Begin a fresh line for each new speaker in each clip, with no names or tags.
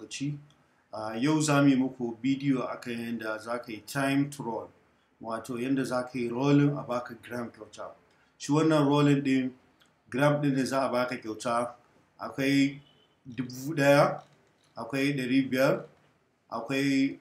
lokaci yau za mu yi muku bidiyo akan yadda za ka yi time to roll wato yadda za ka yi rolling a baka gram kyauta shi wannan rolling din gram din da za a baka kyauta akwai dubu daya akwai dari biyar akwai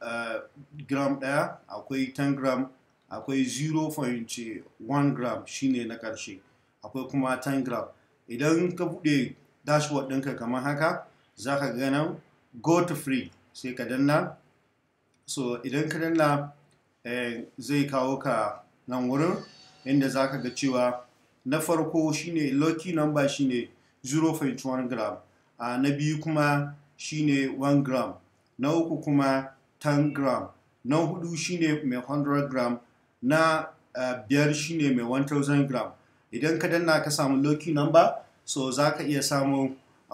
gram daya akwai 10 gram akwai 0.1 gram shine na karshe akwai kuma 10 gram idan ka buɗe dashboard ɗinka kamar haka za ka ga nan go to free sai ka danna so idan ka danna eh, zai kawo ka nan wurin inda za ka ga cewa na farko shine lucky number shine 0.1 gram a na biyu kuma shine 1 gram na uku kuma 10 gram na hudu shine mai 100 gram na eh, biyar shine mai 1000 gram idan ka danna ka samu lucky number so za ka iya samu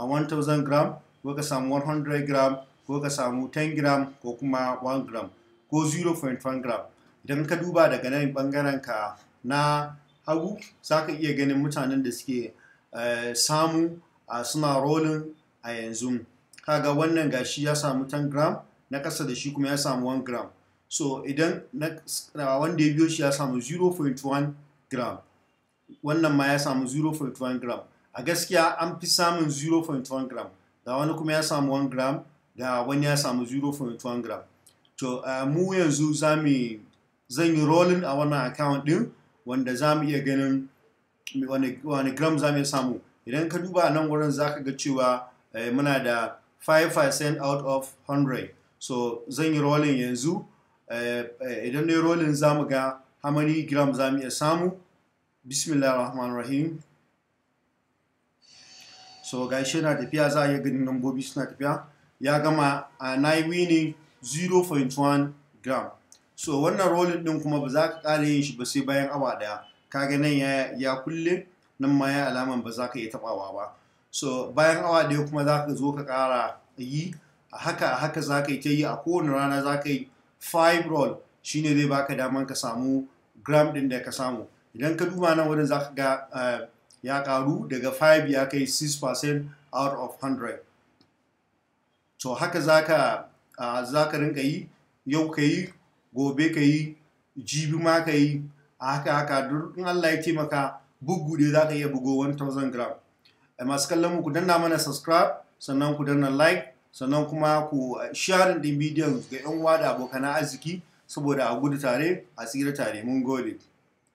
a 1000 gram ko ka samu 100 gram ko ka samu 10 gram ko kuma 1 gram ko 0.1 gram idan ka duba daga nan bangaren ka na hagu za ka iya ganin mutanen da suke eh, samu ah, suna rolin a yanzu kaga wannan gashi ya samu 10 gram na kasa da shi kuma ya samu 1 gram so idan na ah, wanda ya biyo shi ya samu 0.1 gram wannan ma ya samu 0.1 gram a gaskiya an fi samun 0.1 gram ga wani kuma ya samu 1 gram ga wani ya samu 0.1 gram to mu yanzu za mu zan yi rolling a wannan account din wanda za mu iya ganin wani gram za mu iya samu idan ka duba nan wurin za ka ga cewa muna da 5% out of 100 so zan yi rolling yanzu idan ne rolling za mu ga how many gram za mu iya samu bismillah rahman rahim so ga shi yana tafiya za a iya ganin nambobi suna tafiya ya gama a na yi 0.1 gram so wannan rolling din kuma ba za ka kare yin shi ba sai bayan awa daya ka nan ya kulle nan ma ya alaman ba za ka iya tabawa ba so bayan awa daya kuma za ka zo ka kara yi a haka a haka za ka yi ta yi a kowane rana za ka yi 5 roll shi ne zai baka daman ka samu gram din da ka samu idan ka duba nan wurin za ka ga ya karu daga 5 ya kai 6% out of 100 to haka zaka ka rinka yi yau ka yi gobe ka yi jibi ma ka yi a haka haka in Allah ya taimaka bugu da za ka iya bugo 1000 gram a eh, masu kallon mu ku danna mana subscribe sannan ku danna like sannan kuma ku share din bidiyon ga 'yan uwa da abokan arziki saboda a gudu tare a tsira tare mun gode